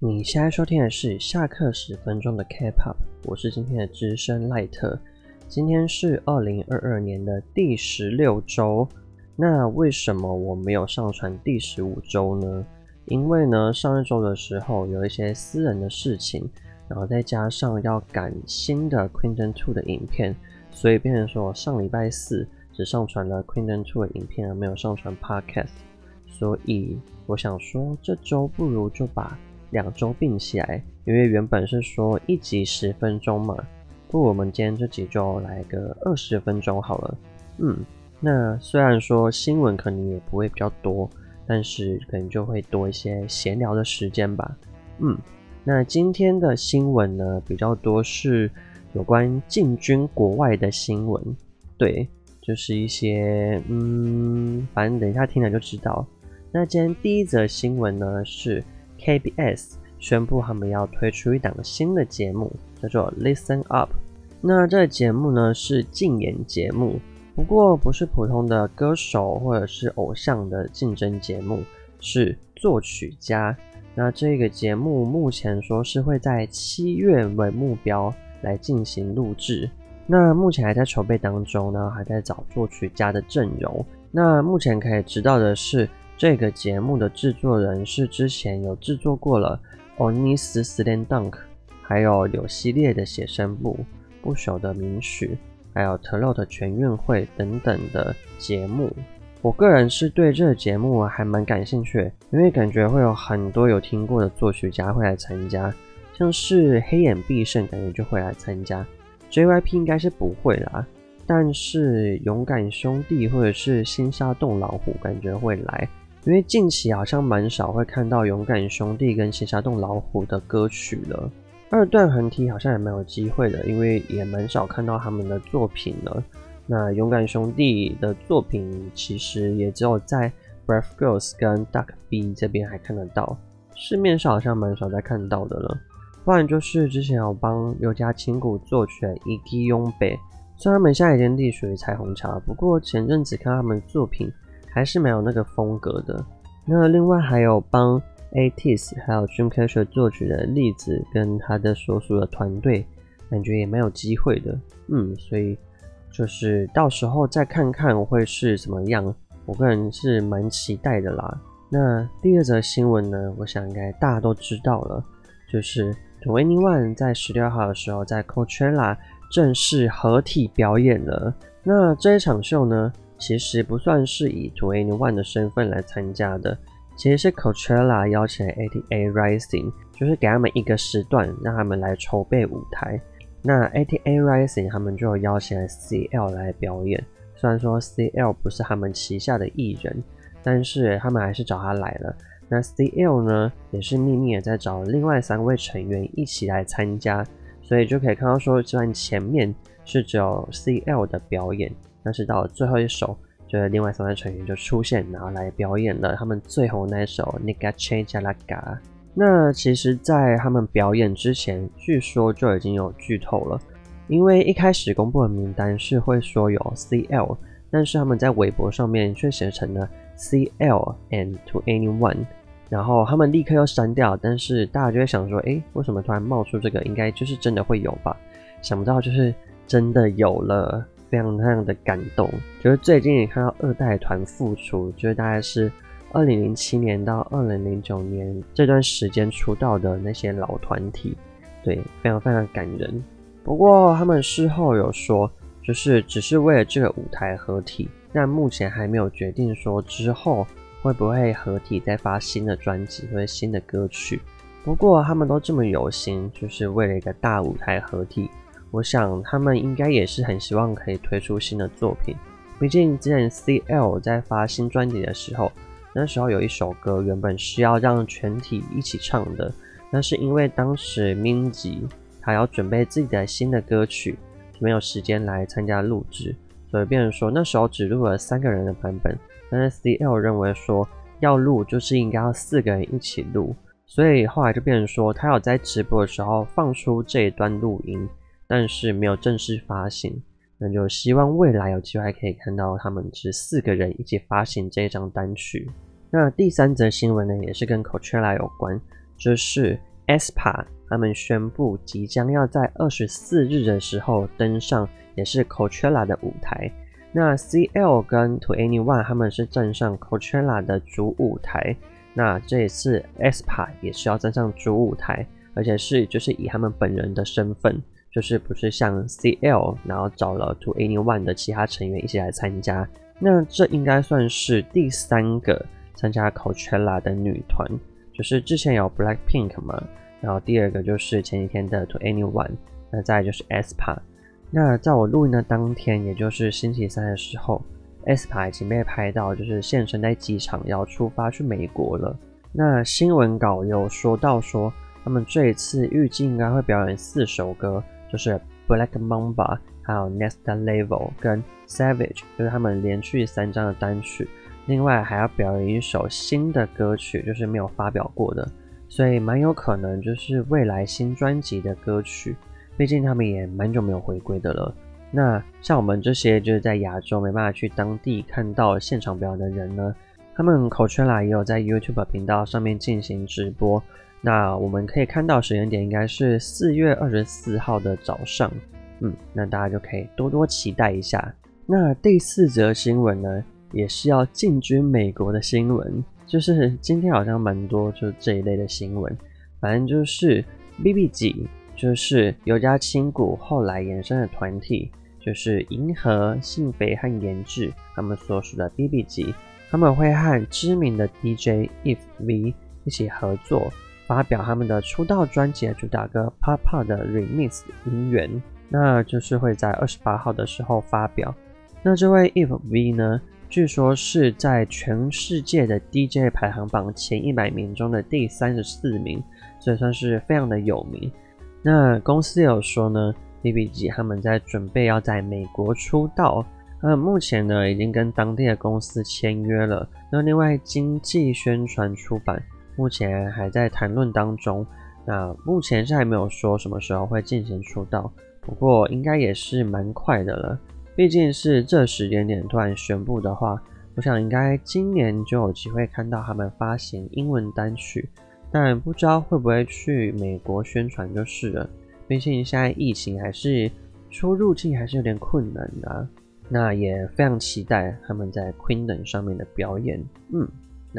你現在收聽的是下課十分鐘的 K Pop，我是今天的資深賴特。今天是二零二二年的第十六週，那為什麼我沒有上傳第十五週呢？因為呢，上一週的時候有一些私人的事情，然後再加上要趕新的 Quinton Two 的影片，所以變成說我上禮拜四只上傳了 Quinton Two 的影片，而沒有上傳 Podcast。所以我想說，這週不如就把。兩周並起來，因為原本是說一集十分鐘嘛，不過，我們今天這集就來個二十分鐘好了。嗯，那雖然說新聞可能也不會比較多，但是可能就會多一些閒聊的時間吧。嗯，那今天的新聞呢，比較多是有關進軍國外的新聞。對，就是一些，嗯，反正等一下聽了就知道。那今天第一則新聞呢，是。KBS 宣布他們要推出一檔新的節目，叫做《Listen Up》。那這節目呢，是競演節目，不過不是普通的歌手或者是偶像的競爭節目，是作曲家。那這個節目目前說是會在七月為目標來進行錄製。那目前還在籌備當中呢，還在找作曲家的陣容。那目前可以知道的是。這個節目的製作人是之前有製作過了《Onisland Dunk》，還有柳熙烈的寫生簿、不朽的名曲，還有《Trot 全運會》等等的節目。我個人是對這個節目還蠻感興趣，因為感覺會有很多有聽過的作曲家會來參加，像是黑眼必勝感覺就會來參加，JYP 應該是不會啦，但是勇敢兄弟或者是新沙洞老虎感覺會來。因為近期好像蠻少會看到勇敢兄弟跟新沙洞老虎的歌曲了，二段橫踢好像也蠻有機會的，因為也蠻少看到他們的作品了。那勇敢兄弟的作品其實也只有在 Brave Girls 跟 Duck B 這邊還看得到，市面上好像蠻少再看到的了。不然就是之前有幫有家青谷做出來伊擁北，雖然他們現在隸屬於彩虹橋，不過前陣子看到他們的作品。還是沒有那個風格的。那另外還有幫 ATEEZ 還有 Dreamcatcher 作曲的例子，跟他的所屬的團隊，感覺也沒有機會的。嗯，所以就是到時候再看看會是怎麼樣，我個人是蠻期待的啦。那第二則新聞呢，我想應該大家都知道了，就是 2NE1 在十六號的時候在 Coachella 正式合體表演了。那這一場秀呢？其實不算是以《2NE1》的身份來參加的，其實是《Coachella》邀請《ATA Rising》，就是給他們一個時段，讓他們來籌備舞台。那《ATA Rising》他們就邀請了《CL》來表演。雖然說《CL》不是他們旗下的藝人，但是他們還是找他來了。那《CL》呢，也是秘密也在找另外三位成員一起來參加，所以就可以看到說，雖然前面是只有《CL》的表演。但是到了最後一首，就是另外三位成員就出現，然後來表演了他們最後那一首《Naega Jeil Jal Naga》。那其實，在他們表演之前，據說就已經有劇透了，因為一開始公布的名單是會說有 CL，但是他們在微博上面卻寫成了 CL and to anyone，然後他們立刻又刪掉，但是大家就會想說，誒、欸，為什麼突然冒出這個？應該就是真的會有吧？想不到就是真的有了。非常非常的感動，就是最近也看到二代團復出，就是大概是二零零七年到二零零九年這段時間出道的那些老團體，對，非常非常感人。不過他們事後有說，就是只是為了這個舞台合體，但目前還沒有決定說之後會不會合體再發新的專輯或者新的歌曲。不過他們都這麼有心，就是為了一個大舞台合體。我想他們應該也是很希望可以推出新的作品，畢竟之前 CL 在發新專輯的時候，那時候有一首歌原本是要讓全體一起唱的，那是因為當時 Minzy 他要準備自己的新的歌曲，沒有時間來參加錄制，所以變成說那時候只錄了三個人的版本。但是 CL 認為說要錄就是應該要四個人一起錄，所以後來就變成說他要在直播的時候放出這一段錄音。但是沒有正式發行，那就希望未來有機會可以看到他們這四個人一起發行這一張單曲。那第三則新聞呢，也是跟 Coachella 有關，就是 aespa 他們宣布，即將要在二十四日的時候登上也是 Coachella 的舞台。那 CL 跟 2NE1 他們是站上 Coachella 的主舞台，那這一次 aespa 也是要站上主舞台，而且是就是以他們本人的身份，就是不是像 CL，然後找了 2NE1 的其他成員一起來參加，那這應該算是第三個參加 Coachella 的女團，就是之前有 Blackpink 嘛，然後第二個就是前幾天的 2NE1，那再來就是 aespa。那在我錄音的當天，也就是星期三的時候，aespa 已經被拍到，就是現身在機場要出發去美國了。那新聞稿有說到說，他們這一次預計應該會表演四首歌。就是 Black Mamba，還有 Next Level 跟 Savage，就是他們連續三張的單曲。另外還要表演一首新的歌曲，就是沒有發表過的，所以蠻有可能就是未來新專輯的歌曲。畢竟他們也蠻久沒有回歸的了。那像我們這些就是在亞洲沒辦法去當地看到現場表演的人呢，他們 Coachella 也有在 YouTube 頻道上面進行直播。那我們可以看到時間點應該是四月二十四號的早上，嗯，那大家就可以多多期待一下。那第四則新聞呢，也是要進軍美國的新聞，就是今天好像蠻多，就是這一類的新聞。反正就是 VIVIZ 就是由家青股後來延伸的團體，就是銀河 SinB 和 Umji，他們所屬的 VIVIZ 他們會和知名的 D J Yves V 一起合作。發表他們的出道專輯主打歌《Papa》的 Remix 音源，那就是會在二十八號的時候發表。那這位 Yves V 呢，據說是在全世界的 DJ 排行榜前一百名中的第三十四名，所以算是非常的有名。那公司也有說呢，VIVIZ 他們在準備要在美國出道，呃，目前呢已經跟當地的公司簽約了。那另外，經紀宣傳、出版。目前還在談論當中，那目前是還沒有說什麼時候會進行出道，不過應該也是蠻快的了。畢竟是這時間點突然宣布的話，我想應該今年就有機會看到他們發行英文單曲，但不知道會不會去美國宣傳就是了。畢竟現在疫情還是出入境還是有點困難的，啊，那也非常期待他們在 Queenland 上面的表演。嗯。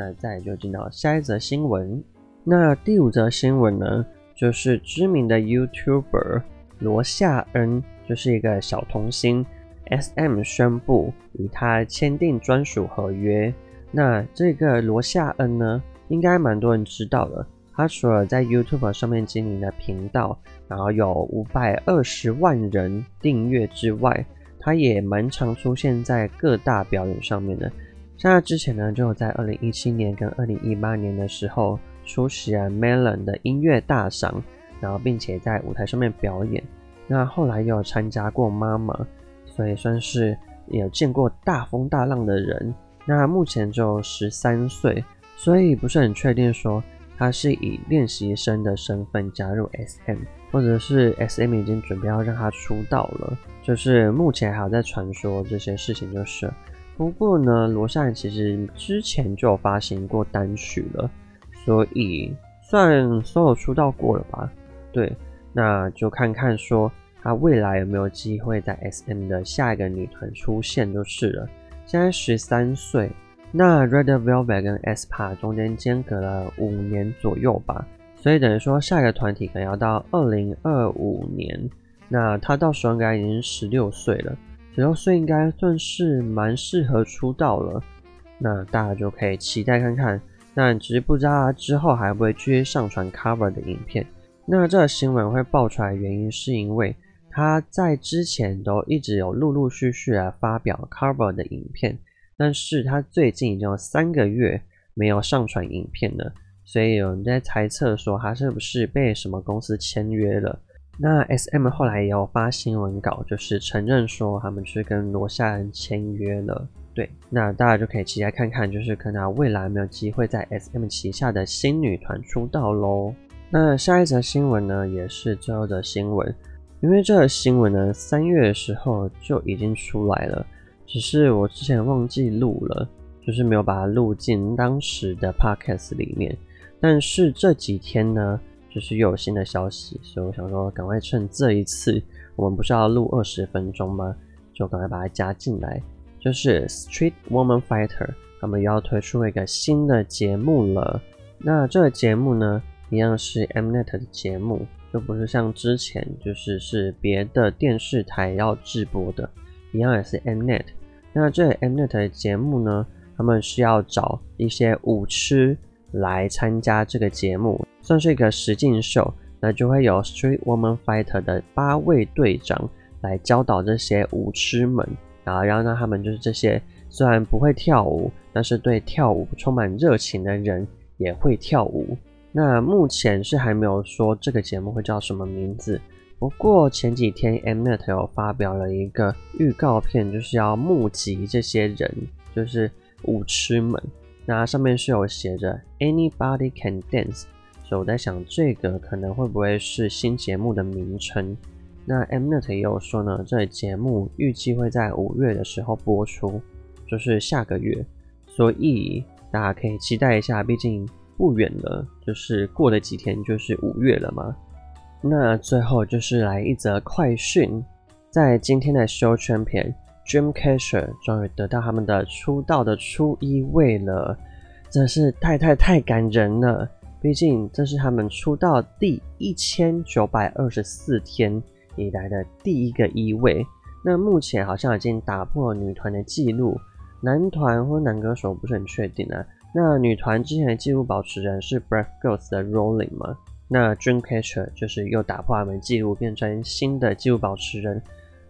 那再就進到下一則新聞。那第五則新聞呢，就是知名的 YouTuber 羅夏恩，就是一個小童星。SM 宣布與他簽訂專屬合約。那這個羅夏恩呢，應該蠻多人知道的。他除了在 YouTube 上面經營的頻道，然後有五百二十萬人訂閱之外，他也蠻常出現在各大表演上面的。像他之前呢，就有在二零一七年跟二零一八年的時候出席了 Melon 的音樂大賞，然後並且在舞台上面表演。那後來又有參加過媽媽，所以算是有見過大風大浪的人。那目前只有十三歲，所以不是很確定說他是以練習生的身份加入 SM，或者是 SM 已經準備要讓他出道了，就是目前還在傳說這些事情，就是。不過呢，羅善其實之前就有發行過單曲了，所以算 solo 出道過了吧。對，那就看看說他未來有沒有機會在 SM 的下一個女團出現就是了。現在十三歲，那 Red Velvet 跟 aespa 中間間隔了五年左右吧，所以等於說下一個團體可能要到二零二五年，那他到時候應該已經十六歲了。二十歲應該算是蠻適合出道了，那大家就可以期待看看。但只是不知道他之後還會不會繼續上傳 cover 的影片。那這個新聞會爆出來，原因是因為他在之前都一直有陸陸續續來發表 cover 的影片，但是他最近已經有三個月沒有上傳影片了，所以有人在猜測說他是不是被什麼公司簽約了。那 S M 後來也有發新聞稿，就是承認說他們去跟羅夏恩簽約了。對，那大家就可以期待看看，就是可能未來沒有機會在 S M 旗下的新女團出道嘍。那下一則新聞呢，也是最後的新聞，因為這個新聞呢，三月的時候就已經出來了，只是我之前忘記錄了，就是沒有把它錄進當時的 podcast 裡面。但是這幾天呢。就是又有新的消息，所以我想說，趕快趁這一次，我們不是要錄二十分鐘嗎？就趕快把它加進來。就是《Street Woman Fighter》，他們又要推出一個新的節目了。那這個節目呢，一樣是 Mnet 的節目，就不是像之前，就是是別的電視台要直播的，一樣也是 Mnet。那這 Mnet 的節目呢，他們是要找一些舞癡。來參加這個節目，算是一個實境秀。那就會有《Street Woman Fighter》的八位隊長來教導這些舞痴們啊，然後讓他們就是這些雖然不會跳舞，但是對跳舞充滿熱情的人也會跳舞。那目前是還沒有說這個節目會叫什麼名字，不過前幾天 Mnet 有發表了一個預告片，就是要募集這些人，就是舞痴們。那上面是有寫着 Anybody can dance，所以我在想這個可能會不會是新節目的名稱？那 Mnet 也有說呢，這個節目預計會在五月的時候播出，就是下個月，所以大家可以期待一下，畢竟不遠了，就是過了幾天就是五月了嘛。那最後就是來一則快訊，在今天的 Show Champion。Dreamcatcher 終於得到他們的出道的初一位了，真是太太太感人了。畢竟這是他們出道第一千九百二十四天以來的第一個一位。那目前好像已經打破了女團的記錄，男團或男歌手不是很確定啊。那女團之前的記錄保持人是 Brave Girls 的 Rollin' 嗎？那 Dreamcatcher 就是又打破他們的記錄，變成新的記錄保持人。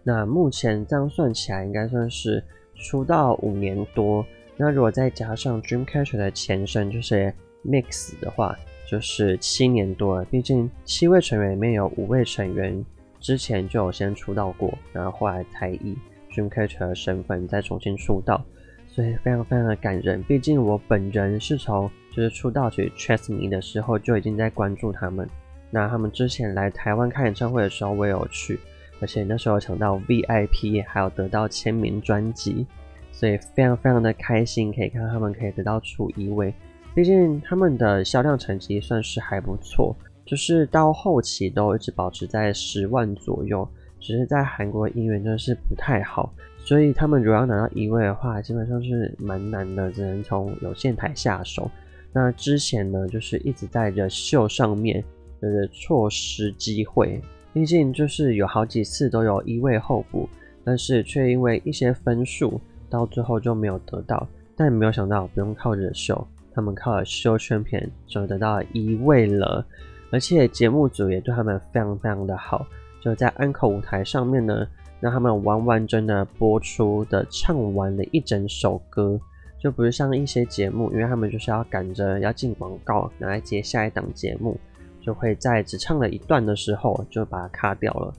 那目前這樣算起來，應該算是出道五年多。那如果再加上 Dreamcatcher 的前身就是 Mix 的話，就是七年多了，畢竟七位成員裡面有五位成員之前就有先出道過，然後後來才以 Dreamcatcher 的身份再重新出道，所以非常非常的感人。畢竟我本人是從就是出道曲 Trust Me 的時候就已經在關注他們。那他們之前來台灣開演唱會的時候，我也有去。而且那時候搶到 VIP，還有得到簽名專輯，所以非常非常的開心。可以到看他們可以得到初一位，畢竟他們的銷量成績算是還不錯，就是到後期都一直保持在十萬左右。只是在韓國的音源真的是不太好，所以他們如果要拿到一位的話，基本上是蠻難的，只能從有線台下手。那之前呢，就是一直在 The Show 上面，就是錯失機會。畢竟就是有好幾次都有一位候補，但是卻因為一些分數，到最後就沒有得到。但也沒有想到，不用靠着秀，他們靠着秀圈片，就得到了一位了。而且節目組也對他們非常非常的好，就在安可舞台上面呢，讓他們完完整整的播出的唱完了一整首歌，就不是像一些節目，因為他們就是要趕着要進廣告，拿來接下一檔節目。就會在只唱了一段的時候就把它卡掉了，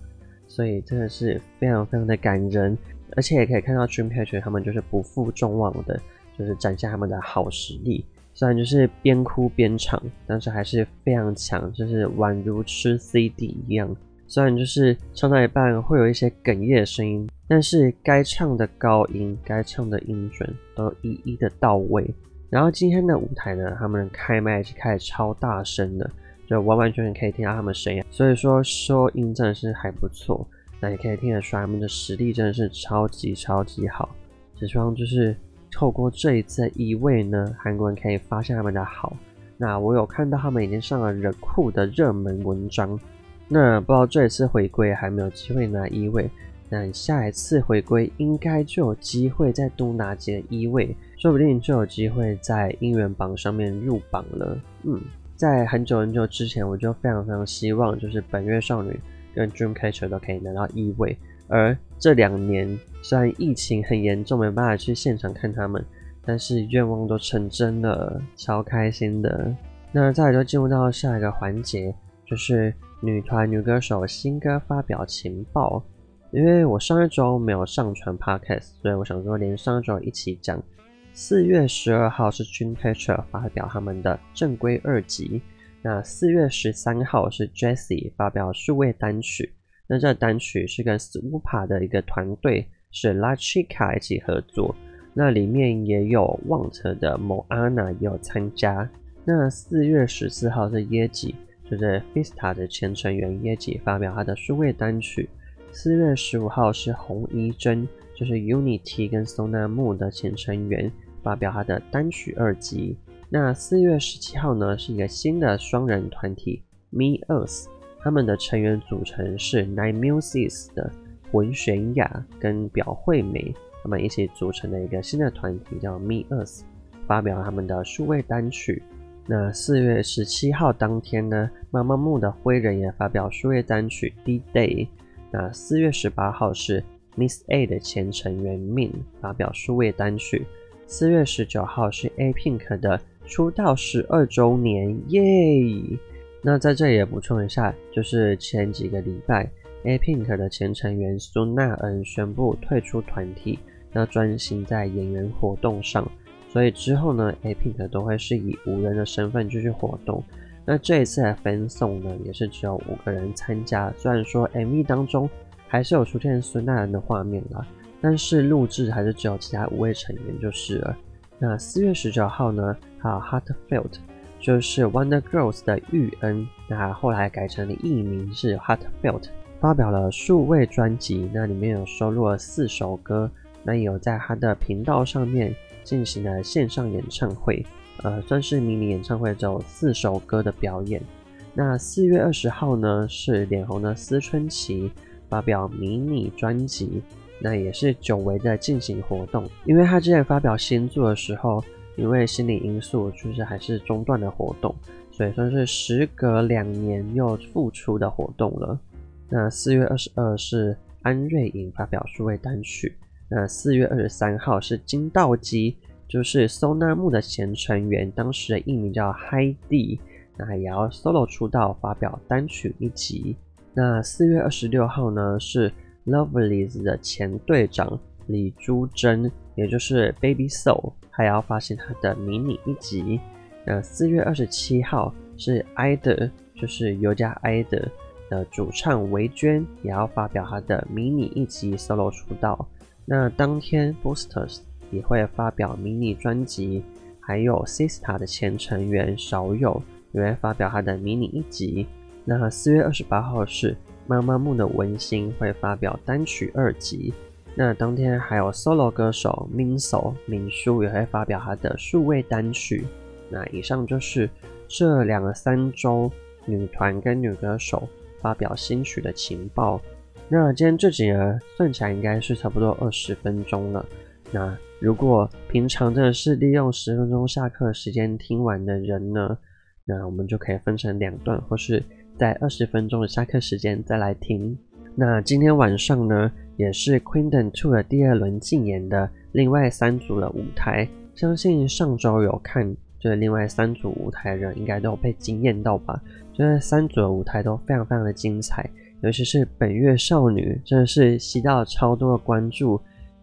所以真的是非常非常的感人，而且也可以看到 Dreamcatcher 他們就是不負眾望的，就是展現他們的好實力。雖然就是邊哭邊唱，但是還是非常強，就是宛如吃 CD 一樣。雖然就是唱到一半會有一些哽咽的聲音，但是該唱的高音、該唱的音準都一一的到位。然後今天的舞台呢，他們的開麥是開的超大聲的。就完完全全可以聽到他們聲音，所以說收音真的是還不錯。那也可以聽得出來，他們的實力真的是超級超級好。只希望就是透過這一次一位、e、呢，韓國人可以發現他們的好。那我有看到他們已經上了熱酷、cool、的熱門文章。那不知道這一次回歸還沒有機會拿一位，那你下一次回歸應該就有機會再多拿幾個一位，說不定就有機會在音源榜上面入榜了。嗯。在很久很久之前，我就非常非常希望，就是本月少女跟 Dreamcatcher 都可以拿到一位。而這兩年雖然疫情很嚴重，沒辦法去現場看他們，但是願望都成真了，超開心的。那再來就進入到下一個環節，就是女團女歌手新歌發表情報。因為我上一周沒有上傳 podcast，所以我想說連上一周一起講。四月十二號是 Juntae 發表他們的正規二輯，那四月十三號是 Jessi 發表數位單曲，那這單曲是跟 Supa 的一個團隊是 Lachica 一起合作，那裡面也有 Want 的 Moana 也有參加。那四月十四號是 Yeji，就是 Fiestar 的前成員 Yeji 發表他的數位單曲。四月十五號是洪宜真，就是 Unity 跟 Sonamoo 的前成員。發表他的單曲二輯，那四月十七號呢，是一個新的雙人團體 Me Earth，他們的成員組成是 Nine Muses 的文玄雅跟表惠美，他們一起組成的一個新的團體叫 Me Earth，發表他們的數位單曲。那四月十七號當天呢，媽媽木的灰人也發表數位單曲 D Day。那四月十八號是 Miss A 的前成員 Min 發表數位單曲。四月十九號是 Apink 的出道十二周年耶！Yeah! 那在這裡也補充一下，就是前幾個禮拜，Apink 的前成員孫娜恩宣布退出團體，那專心在演員活動上。所以之後呢，Apink 都會是以五人的身份繼續活動。那這一次的 fansong 呢，也是只有五個人參加，雖然說 MV 當中還是有出現孫娜恩的畫面了。但是錄製還是只有其他五位成員就是了。那四月十九號呢，有 Heartfelt，就是 Wonder Girls 的玉恩，那後來改成了藝名是 Heartfelt，發表了數位專輯，那裡面有收錄了四首歌，那也有在他的頻道上面進行了線上演唱會，呃，算是迷你演唱會，只有四首歌的表演。那四月二十號呢，是臉紅的思春期發表迷你專輯。那也是久違的進行活動，因為他之前發表新作的時候，因為心理因素就是還是中斷的活動，所以算是時隔兩年又復出的活動了。那四月二十二是安瑞穎發表數位單曲，那四月二十三號是金道基，就是 SONAMOO 的前成員，當時的藝名叫 Hi D，那也要 solo 出道發表單曲一輯，那四月二十六號呢是 Lovelyz 的前隊長李珠真，也就是 Baby Soul，還要發行她的迷你一輯。那四月二十七號是 Idol，就是優家 Idol 的主唱美延，也要發表她的迷你一輯 Solo 出道。那當天 Busters 也會發表迷你專輯，還有 Sistar 的前成員昭宥，也會發表她的迷你一輯。那四月二十八號是。媽媽木的文星會發表單曲二輯。那當天還有 solo 歌手 Minsoo 敏書，也會發表他的數位單曲。那以上就是這兩個三周女團跟女歌手發表新曲的情報。那今天這集呢，算起來應該是差不多二十分鐘了。那如果平常真的是利用十分鐘下課時間聽完的人呢，那我們就可以分成兩段或是。在二十分鐘的下課時間再來聽。那今天晚上呢，也是《Queendom 2》的第二輪競演的另外三組的舞台。相信上周有看這、就是、另外三組舞台的人，應該都被驚艷到吧？這、就是、三組的舞台都非常非常的精彩，尤其是本月少女，真的是吸到了超多的關注。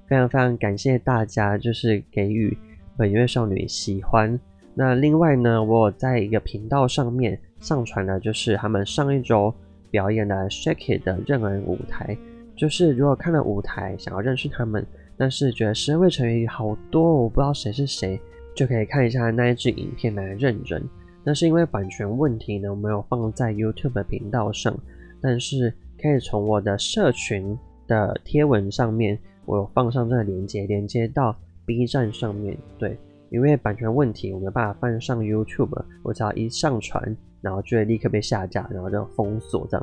非常非常感謝大家，就是給予本月少女喜歡。那另外呢，我有在一個頻道上面上傳的，就是他們上一周表演的《Shake It》的認人舞台。就是如果看了舞台想要認識他們，但是覺得十位成員好多，我不知道誰是誰，就可以看一下那一支影片來認人。那是因為版權問題呢，我沒有放在 YouTube 的頻道上，但是可以從我的社群的貼文上面，我有放上這個鏈接，連接到 B 站上面，對。因為版權問題，我沒辦法放上 YouTube。我只要一上傳，然後就會立刻被下架，然後就封鎖這樣。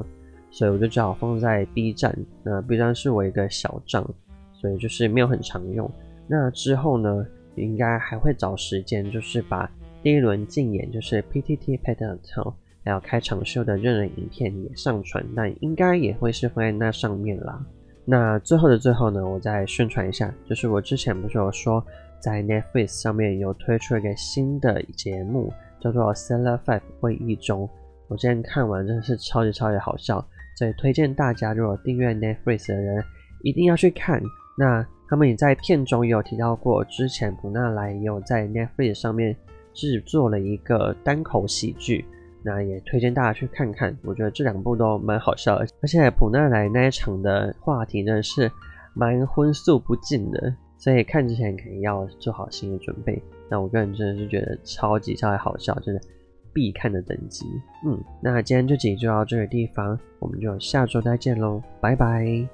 所以我就只好放在 B 站。那 B 站是我一個小帳，所以就是沒有很常用。那之後呢，應該還會找時間，就是把第一輪競演，就是 PTT、Pad 等，還有開場秀的熱門影片，也上傳，但應該也會是放在那上面啦。那最後的最後呢，我再宣傳一下，就是我之前不是有說。在 Netflix 上面有推出了一個新的節目，叫做《Celeb Five》會議中，我之前看完真的是超級超級好笑，所以推薦大家，如果訂閱 Netflix 的人，一定要去看。那他們也在片中也有提到過，之前朴娜萊也有在 Netflix 上面製作了一個單口喜劇，那也推薦大家去看看。我覺得這兩部都蠻好笑的，而且朴娜萊那一場的話題真的是蠻葷素不進的。所以看之前肯定要做好心理準備。那我個人真的是覺得超級超級好笑，真的必看的等級。嗯，那今天這集就到這個地方，我們就下周再見嘍，拜拜。